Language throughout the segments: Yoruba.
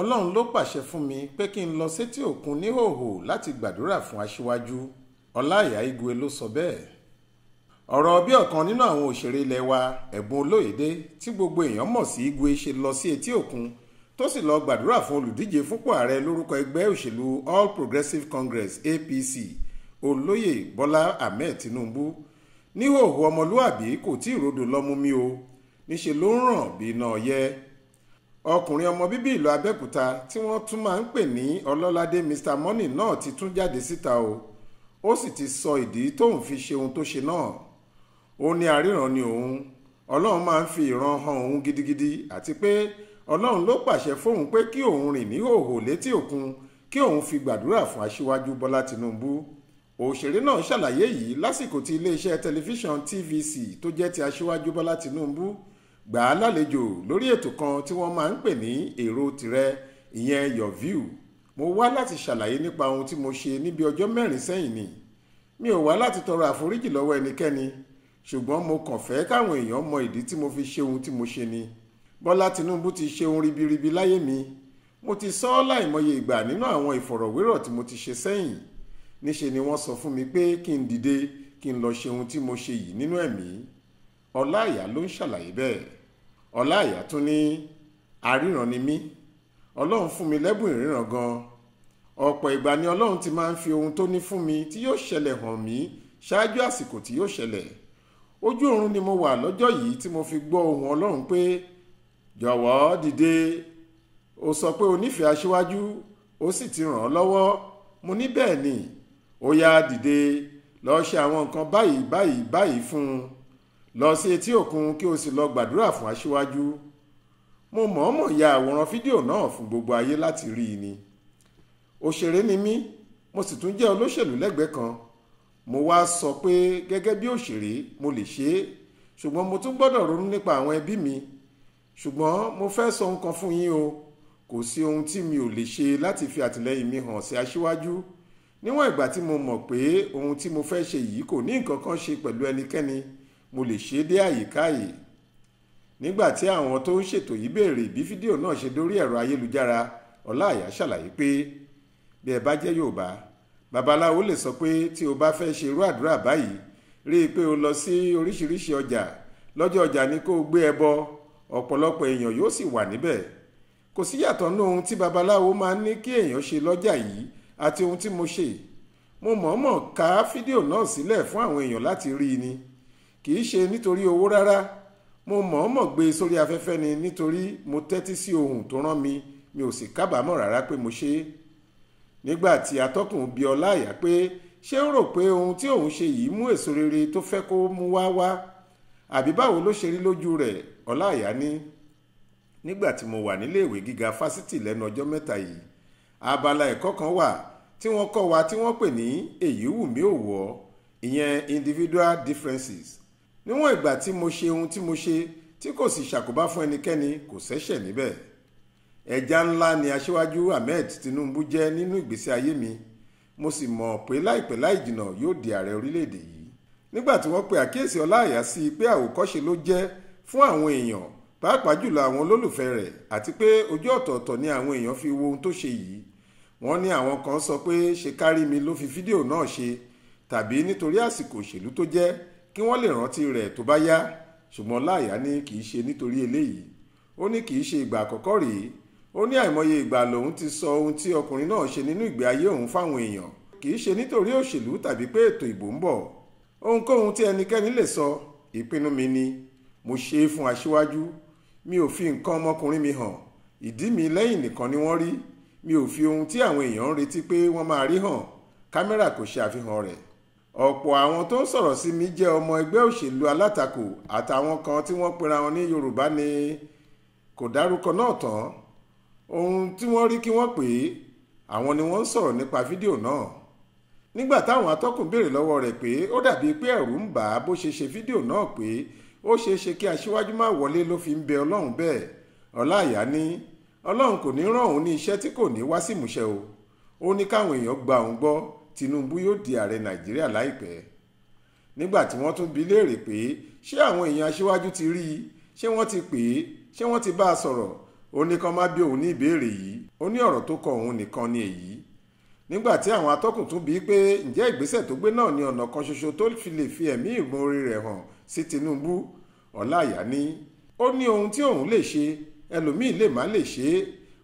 ọlọ́run ló pàṣẹ fún mi pé kí n lọ sétí òkun níhòòhò láti gbàdúrà fún aṣíwájú ọláìyá igwe ló sọ bẹ́ẹ̀ ọ̀rọ̀ bí ọ̀kan nínú àwọn òṣèré ilẹ̀ wa ẹ̀bùn olóyèdè tí gbogbo èèyàn mọ̀ sí igwe ṣe lọ sí etí òkun tó sì lọ gbàdúrà fún olùdíje fúnpò ààrẹ lórúkọ ẹgbẹ́ òṣèlú all progressives congress apc olóyè bọ́lá ahmed tinubu níhòòhò ọmọlúàbí kò tí ì rodò lọ́mú mi o níṣe ló ń ràn bí iná ọyẹ́ ọkùnrin ọmọ bíbí ìlú abẹ́òkúta tí wọ́n tún máa ń pè ní ọlọ́ládé mr money náà ti tún jáde síta o ó sì ti sọ ìdí tóun fi ṣe ohun tó ṣe náà ó ní aríran ni òun ọlọ́run máa ń fi ìran hàn òun gidigidi àti pé ọlọ́run ló pàṣẹ fóun pé kí òun rìn ní hòhò létí òkun kí òun fi gbàdúrà fún aṣíwájú bọ́lá tinubu òṣèré náà ṣàlàyé yìí lásìkò tí iléeṣẹ́ tẹlifíṣàn tvc tó jẹ́ ti aṣíwájú bọ́lá tinubu gbà á lálejò lórí ètò kan tí wọ́n máa ń pè ní èrò tìrẹ ìyẹn your view mo wá láti ṣàlàyé nípa ohun tí mo ṣe níbi ọjọ́ mẹ́rin sẹ́yìn ni mi ò wá láti tọrọ àforíjì lọ́wọ́ ẹnikẹ́ni ṣùgbọ́n mo kàn fẹ́ káwọn èèyàn mọ ìdí tí mo fi ṣe ohun tí mo ṣe ni Bọ́lá Tinubu ti ṣe ohun ribiribi láyé mi mo ti sọ ọ́ láìmọye ìgbà nínú àwọn ìfọ̀rọ̀wérọ̀ tí mo ti ṣe sẹ́yìn níṣe ni wọ́n sọ fún mi pé kí n dìde kí n lọ ṣe ohun tí mo ṣe yìí nínú ẹ̀mí Ọláìyá ló ń ṣàlàyé bẹ́ẹ̀ ọláìyá tún ní aríran ni mí ọlọ́run fún mi lẹ́bùn ìríran gan-an ọ̀pọ̀ ìgbà ni ọlọ́run ti máa ń fi ohun tó ní fún mi tí yóò ṣẹlẹ̀ hàn mí ṣáájú àsìkò tí yóò ṣẹlẹ̀ ojú oorun ni mo wà lọ́jọ́ yìí tí mo fi gbọ́ ohùn ọlọ́run pé jọ̀wọ́ dìde ó sọ pé o nífẹ̀ẹ́ aṣíwájú ó sì ti ràn án lọ́wọ́ mo ní bẹ́ẹ̀ ni ó yá dìde lọ́ọ́ ṣe àwọn nǹkan báyìí báyìí báyìí fún un lọ sí etí òkun kí o sì lọ gbàdúrà fún aṣíwájú mo mọ̀ọ́mọ̀ ya àwòrán fídíò náà fún gbogbo ayé láti rí i ni òṣèré ni mí mo sì tún jẹ́ olóṣèlú lẹ́gbẹ̀ẹ́ kan mo wá sọ pé gẹ́gẹ́ bí òṣèré mo lè ṣe é ṣùgbọ́n mo tún gbọ́dọ̀ ronú nípa àwọn ẹbí mi ṣùgbọ́n mo fẹ́ sọ ohun kan fún yín o kò sí ohun tí mi ò lè ṣe láti fi àtìlẹ́yìn mi hàn sí aṣíwájú níwọ̀n ìgbà tí mo mọ̀ pé ohun tí mo fẹ́ ṣe yìí kò ní nǹkan kan ṣe pẹ̀lú ẹnikẹ́ni mo lè ṣe é dé àyíká yìí nígbà tí àwọn tó ń ṣètò yìí béèrè bí fídíò náà ṣe dórí ẹ̀rọ ayélujára ọláìyá ṣàlàyé pé bí ẹ bá jẹ́ yorùbá babaláwo lè sọ pé tí o bá fẹ́ ṣe irú àdúrà báyìí rí i pé o lọ sí oríṣiríṣi ọjà lọ́jọ́ ọjà ni kó o gbé ẹbọ ọ̀pọ̀lọpọ̀ èèyàn yóò sì wà níbẹ̀ kò sí yàtọ̀ ní ohun tí babaláwo máa ń ní kí èèyàn ṣe lọ́jà yìí àti ohun tí mo ṣe mo mọ̀ọ́mọ̀ ká fídíò náà sílẹ̀ fún àwọn èèyàn láti rí i ni kì í ṣe nítorí owó rárá mo mọ̀ọ́mọ̀ gbé e sórí afẹ́fẹ́ ni nítorí mo tẹ́tí sí ohun tó rán mi mi ò sì kábàámọ̀ rárá pé mo ṣe é nígbà tí atọ́kùn bi ọlá àyà pé ṣé ó rò pé ohun tí òun ṣe yìí mú èso rere tó fẹ́ kó mú wá wá àbí báwo ló ṣe rí lójú rẹ̀ ọlá àyà ní nígbà tí mo wà níléèwé gíga fásitì lẹ́nu ọjọ́ mẹ́ta yìí abala ẹ̀kọ́ kan wà tí wọ́n kọ́ wa tí wọ́n pè ní èyí wù mí ò wọ̀ ìyẹn individual differences níwọ̀n ìgbà tí mo ṣe ohun tí mo ṣe tí kò sì ṣàkóbá fún ẹnikẹ́ni kò sẹ́ṣẹ̀ níbẹ̀ ẹja ńlá ni aṣíwájú Ahmed Tinubu jẹ́ nínú ìgbésí ayé mi mo sì mọ̀ pé láìpẹ́ láì jìnnà yóò di ààrẹ orílẹ̀-èdè yìí nígbà tí wọ́n pe àkíyèsí Ọláìyá sí i pé àwòkọ́ṣe ló jẹ́ fún àwọn èèyàn pàápàá jùlọ àwọn olólùfẹ́ rẹ̀ àti pé ojú ọ̀tọ̀ọ̀tọ̀ ni àwọn èèyàn fi wo ohun tó ṣe yìí wọ́n ní àwọn kan sọ pé ṣe kárí mi ló fi fídíò náà ṣe tàbí nítorí àsìkò òṣèlú tó jẹ́ kí wọ́n lè rántí rẹ̀ tó bá yá ṣùgbọ́n láàyà ní kì í ṣe nítorí eléyìí ó ní kì í ṣe ìgbà àkọ́kọ́ rèé ó ní àìmọye ìgbà lòun ti sọ ohun tí ọkùnrin náà ṣe nínú ìgbé ayé òun fáwọn èèyàn kì í ṣe nítorí òṣèlú tàbí pé ètò ìbò ń bọ̀ ohunkóhun tí ẹnikẹ́ni lè sọ ìpinnu mi ni mo ṣe é fún aṣíwájú mi ò fi nǹkan ọmọkùnrin mi hàn ìdí mi lẹ́yìn nìkan ni wọ́n rí mi ò fi ohun tí àwọn èèyàn ń retí pé wọ́n máa rí hàn kámẹ́rà kò ṣe àfihàn rẹ̀ ọ̀pọ̀ àwọn tó ń sọ̀rọ̀ sí mi jẹ́ ọmọ ẹgbẹ́ òṣèlú alátakò àtàwọn kan tí wọ́n pera wọn ní yorùbá ni kò dárúkọ náà tán ohun tí wọ́n rí kí wọ́n pè é àwọn ni wọ́n ń sọ̀rọ̀ nípa fídíò náà nígbà táwọn atọ́kùn béèrè lọ́wọ́ rẹ̀ pé ó dàbíi pé ẹ̀rù ń bà á bó ṣe ṣe fídíò náà pé ó ṣeé ṣe kí aṣíwájú má wọlé ló fi ń bẹ ọlọ́run bẹ́ẹ̀ ọláìyá ní ọlọ́run kò ní rán òun ní iṣẹ́ tí kò ní wá sí o ó ní káwọn èèyàn gba òun gbọ́ Tinubu yóò di ààrẹ Nàìjíríà láìpẹ́ nígbà tí wọ́n tún bi léèrè pé ṣé àwọn èèyàn aṣíwájú ti rí i ṣé wọ́n ti pè é ṣé wọ́n ti bá a sọ̀rọ̀ ó ní kán má bí òun ní ìbéèrè yìí ó ní ọ̀rọ̀ tó kọ òun nìkan ni èyí nígbà tí àwọn atọ́kùn tún bíi pé ǹjẹ́ ìgbésẹ̀ tó gbé náà ni ọ̀nà kan ṣoṣo tó fi lè fi ẹ̀mí ìmoore rẹ̀ hàn sí Tinubu Ọláìyá ni ó ní ohun tí òun lè ṣe ẹlòmíì lè má lè ṣe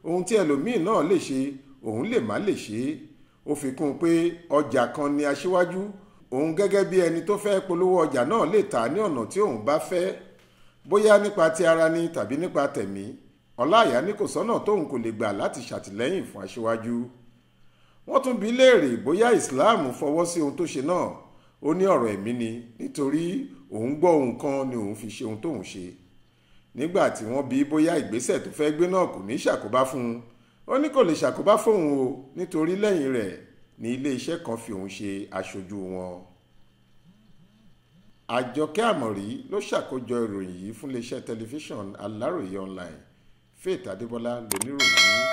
ohun tí ẹlòmíì náà lè ṣe òun lè má lè ṣe ó fi kún un pé ọjà kan ni aṣíwájú òun gẹ́gẹ́ bí ẹni tó fẹ́ polówó ọjà náà lè tà ní ọ̀nà tí òun bá fẹ́ bóyá nípa ti ara ni tàbí nípa tẹ̀mí ọláìyá ní kò sọ́nà tóun kò lè gbà láti ṣàtìlẹ́yìn fún aṣíwájú wọ́n tún bi léèrè bóyá islam fọwọ́ sí ohun tó ṣe náà ó ní ọ̀rọ̀ ẹ̀mí ni nítorí òun gbọ́ ohun kan ni òun fi ṣe ohun tóun ṣe nígbà tí wọ́n bi bóyá ìgbésẹ̀ tó fẹ́ gbé náà kò ní ṣàkóbá fún un ó ní kò lè ṣàkóbá fóun o nítorí lẹ́yìn rẹ̀ ni iléeṣẹ́ kan fi òun ṣe aṣojú wọn àjọkẹ́ àmọ̀rí ló ṣàkójọ ìròyìn yìí fún iléeṣẹ́ tẹlifíṣàn aláròye online faith adébọlá lóníròyìn